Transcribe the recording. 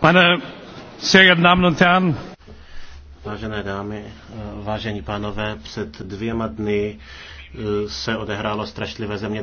Pane Vážené dámy, eh, vážení pánové, před dvěma dny eh, se odehrálo strašlivé země